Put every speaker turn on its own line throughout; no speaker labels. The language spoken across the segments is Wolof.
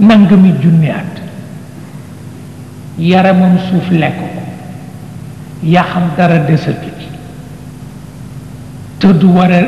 nangami junni at yaramam suuf lekk ko yaa xam dara desatu ci te du war a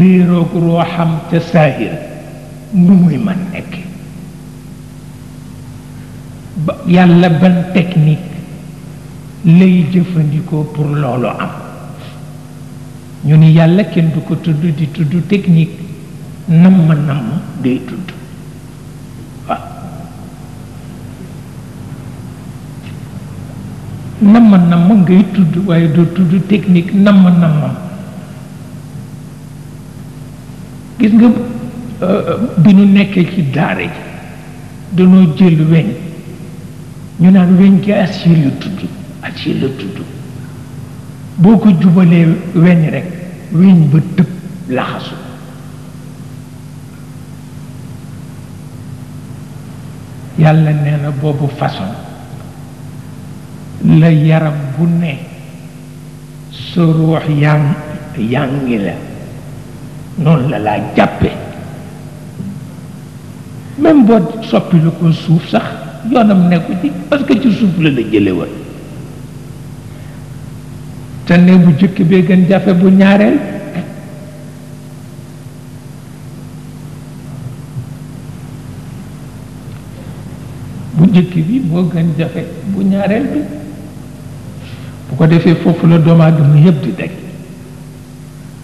réeroog roo xam ca saahir nu muy man nekk yàlla ban technique lay jëfandikoo pour loolu am ñu ni yàlla kenn du ko tudd di tudd technique namm namm day tudd nam ma nam ma ngay tudd waaye doo tudd technique nama ma gis nga euh, bi nu nekkee ci daara ji danoo jël weñ ñu naan weñ gi acier la tudd acier tudd boo ko jubalee weñ rek weñ ba tëb laxasu yàlla nee na boobu façon la yaram bu ne sa ruux yang yangi la noonu la laa jàppe même boo soppi lu ko suuf sax yoonam nekku ci parce que ci suuf la la jële woon te ne bu jëkk bee gën jafe bu ñaareel bu jëkk bi moo gën jafe bu ñaareel bi ko defee foofu la doomu aadama yëpp di daj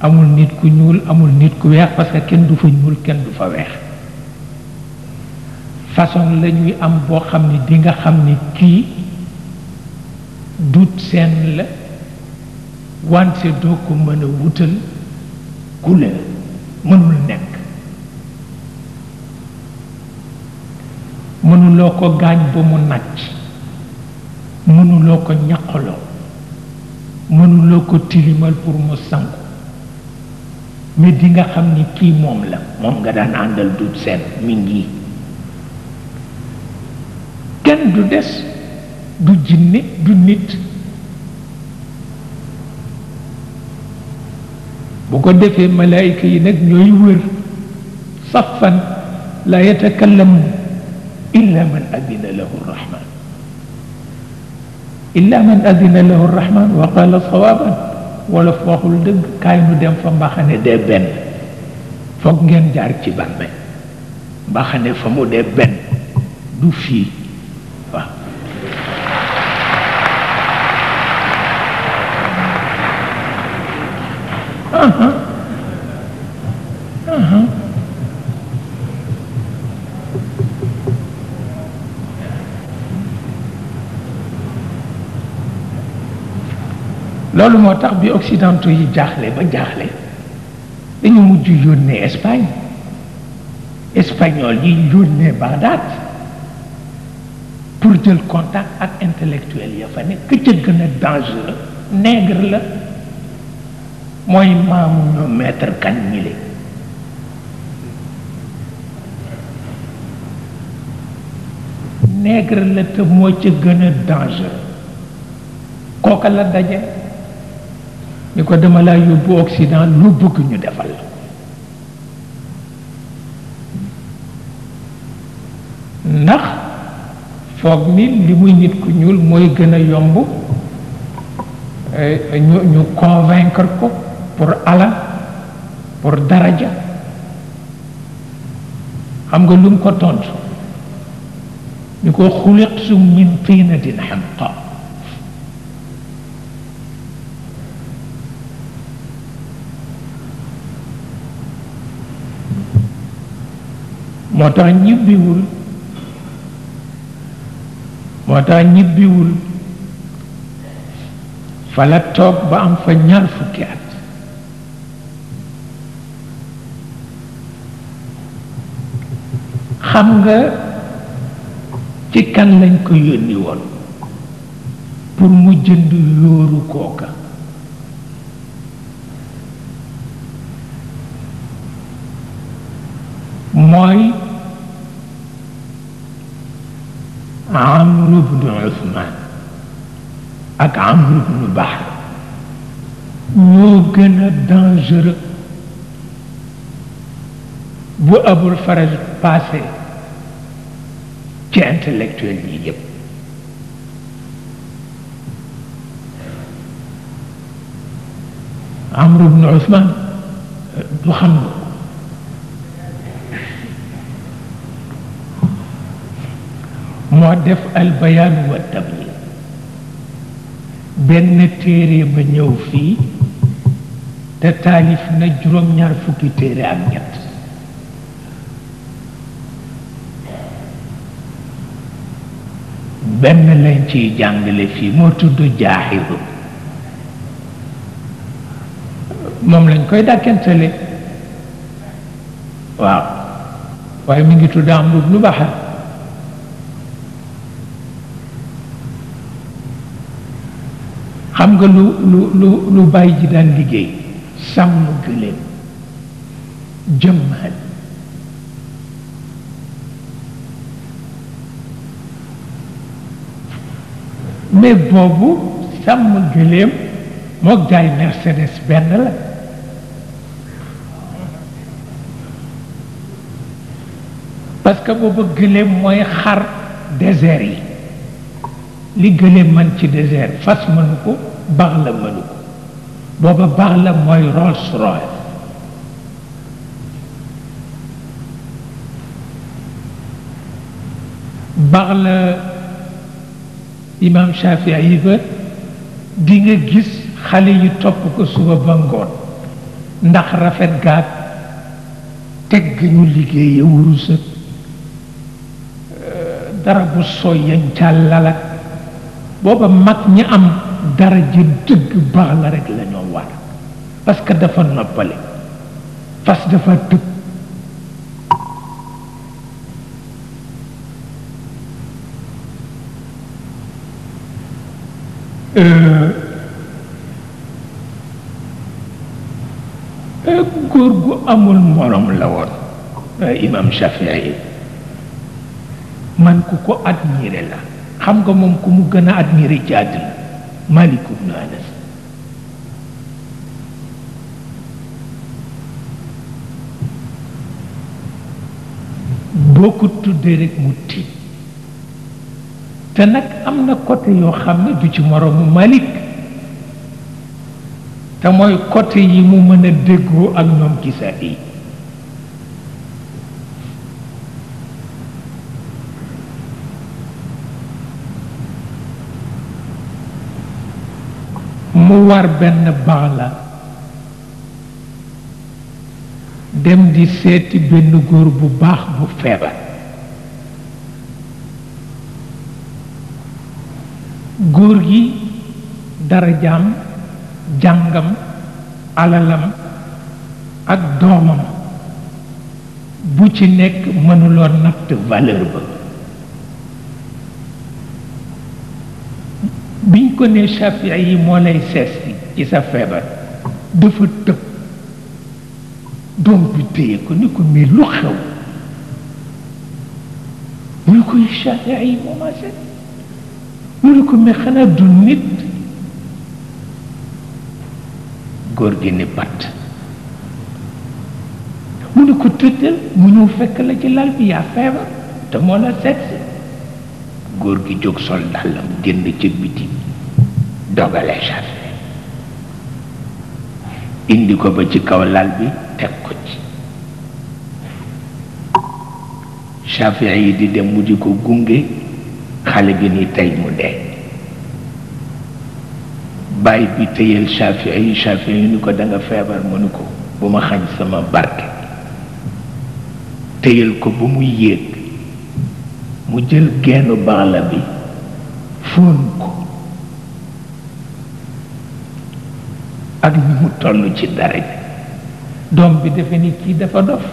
amul nit ku ñuul amul nit ku weex parce que kenn du fa ñuul kenn du fa weex façon la ñuy am boo xam ne di nga xam ni kii dut seen la wante doo ko mën a wutal couleur mënul nekk mënuloo ko gaañ ba mu nàcc mënuloo ko ñaqaloo mënuloo ko tilimal pour mu sanku mais nga xam ni kii moom la moom nga daan àndal dut seen mi ngi kenn du des du jinne bu ko defee malaayika yi nag ñooy wër safan la yatakallamu illa man adina lahu rahman إلا من أذن له الرحمن وقال صوابا ولفوه الدب كاينو دم فما خاني دي بن فوقين جارتي بان ما خاني فمو دي بن دوفي Uh-huh. loolu moo tax bi occidentaux yi jaaxle ba jaaxle dañu mujj yónnee Espagne espagnol yi yónnee Bagdad pour jël contact ak intellectuel ya fa ne ka ca gën a dangereux nègre la mooy maamu ñoom kan ñile nègre la te moo ca gën a dangereux kooka la daje ni ko dama laa yóbbu Occident lu bëgg ñu defal la ndax foog ni li muy nit ku ñuul mooy gën a yomb eh, ñu ñu convaincre ko pour alal pour daraja xam nga lu mu ko tontu ñu ko xuliqtum min tiinatin hamqa moo tax ñibbiwul moo tax ñibbiwul fa la toog ba am fa ñaar fukki at xam nga ci kan lañ ko yónni woon pour mu jënd yóoru kooka mooy عمرو بن عثمان اك عمرو بن بحر ممكن الدانجر بو ابو الفرج باسي تي انتلكتوال ني عمرو بن عثمان دو خمو moo def albayaan wa tabli benn téere ba ñëw fii te taalif na juróom-ñaar fukki téere ak ñett benn lañ ciy jàngale fii moo tudd jaaxiru moom lañ koy dàkkentale waaw waaye mi ngi tudd am lu baxar xam nga lu lu lu lu bàyyi ji daan liggéey sàmm gëléem jëmmal mais boobu sàmm gëléem mook jaay Mercedes benn la parce que boobu gëléem mooy xar désert yi li gëléem man ci désert fas mënu ko baax la mënu ko booba baax la mooy Rolls Royce baax la imam Shafia yi ba di nga gis xale yu topp ko suba ba ngoon ndax rafet gaag teg ñu liggéeye wurus ak euh, dara bu sooy yañ ca lalak booba mag ñi am dara ji dëgg baax la rek la war parce que dafa noppale fas dafa tëb euh, euh, góor gu amul morom la woon euh, imam Shafii man ku ko admiré la xam nga moom ku mu gën a admiré ci àdduna Malik ibn Anas boo ko tuddee rek mu tiit te nag am na côté yoo xam ne du ci moroomu Malik te mooy côté yi mu mën a déggoo ak ñoom gisaa yi mu war benn banc la dem di seeti benn góor bu baax bu feebar góor gi darajaam jàngam alalam ak doomam bu ci nekk mënuloon natt valeur ba كوني شافعي مولاي سيسي كيسا فيبر دفو تب دوم بي تي كوني كو مي لوخو مولكو شافعي موما سيسي مولكو مي خنا دون نيت غورغي ني بات مولكو تيتل مونو فك لا جي لال بي يا فيبر تمولا سيسي غورغي جوك سول دالام جند تي بيتي dogale jafe indi ko ba ci kaw lal bi teg ko ci Shafii yi di dem mu di ko gunge xale bi ni tey mu dee bàyyi bi téyel Shafii yi Shafii yi ni ko da nga feebar mënu ko bu ma xañ sama barke téyel ko ba mu yéeg mu jël geenu baax bi fóon ak ni mu toll ci dara bi doom bi defe ni kii dafa dof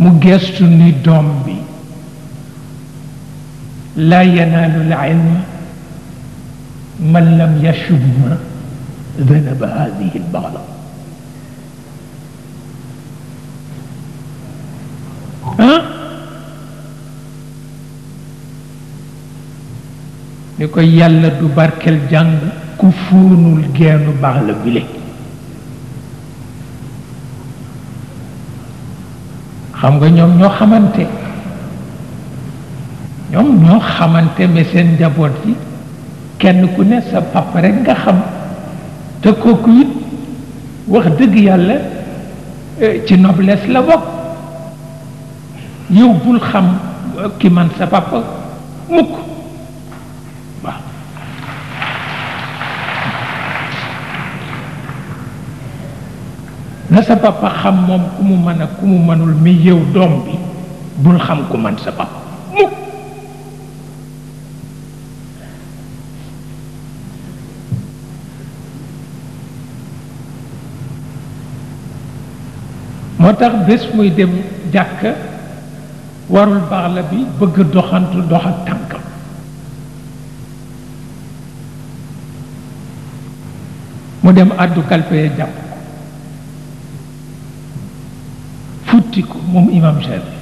mu gestu ni doom bi la yanaalu lilma man lam yashubna danaba hadihi albagla ni ko yàlla du barkel jàng ku fuunul geenu baax la bile xam nga ñoom ñoo xamante ñoom ñoo xamante mais seen njaboot yi kenn ku ne sa papa rek nga xam te kooku it wax dëgg yàlla eh, ci noblesse la bokk yow bul xam ki man sa papa mukk na sa papa xam moom ku mu mën a ku mu mënul mi yow doom bi bul xam ku man sa papa mukk moo tax bés muy dem jàkk warul baax la bi bëgg doxantu doxal tànkam mu dem àddu kalpe ya jàpp futti ko moom imam Shaafi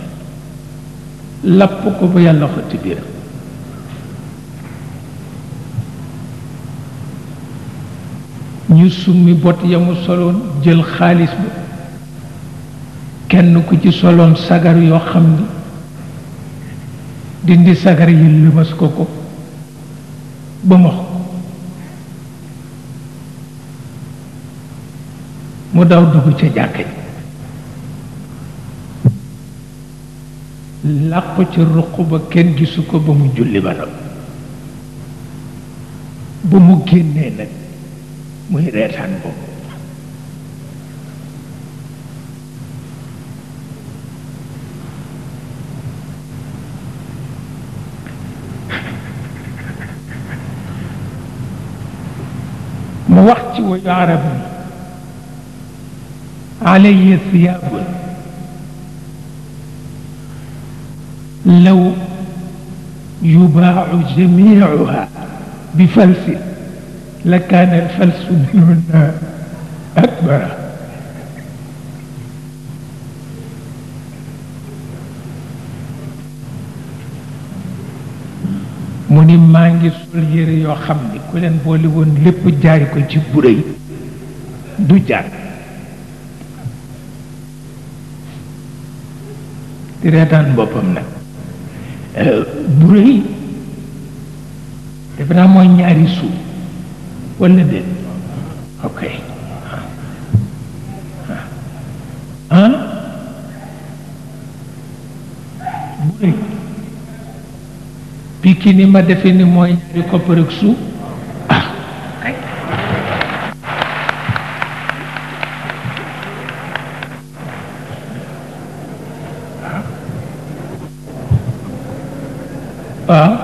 lapp ko ba yàlla xotti biiram ñu summi bot ya mu soloon jël xaalis ba kenn ku ci soloon sagar yoo xam ni dindi sagar yi lëmas ko ko ba mox ko mu daw dugg ca jàkka ji làq ci ruq ba kenn gisu ko ba mu julli ba nag ba mu génnee nag muy reetaan boobu mu wax ci wayu arab ni alayya siyaabun لو يباع جميعها بفلس لكان الفلس منهن أكبر موني مانجي سول يري يو خامني كولين بولي وون ليپ جاري كو سي بوري دو جار Eh, bu rëy defe mooy ñaari suuf wala déet ok ah, ah. bu rëy piki ma defe ni mooy ñaari koppar suuf آه.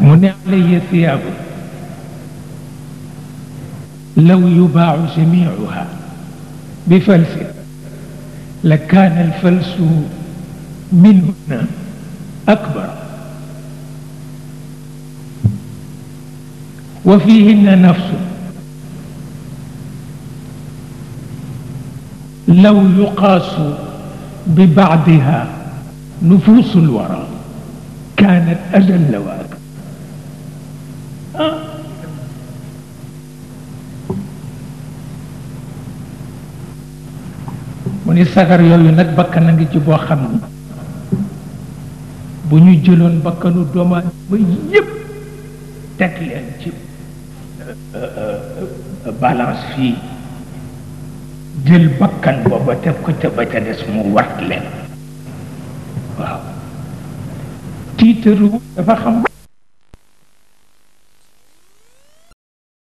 من علي ثياب لو يباع جميعها بفلس لكان الفلس منهن أكبر وفيهن نفس لو يقاس ببعدها نفوس الورى كانت أجل وأكبر أه mu ni sagar yooyu nag bakkan a ngi ci boo xam ni bu ñu jëloon bakkanu doomaa ba yépp teg leen ci Eh, eh, eh, balance fi jël bakkan booba def ko ca ba ca des mu wat leen waaw tiitaru dafa xam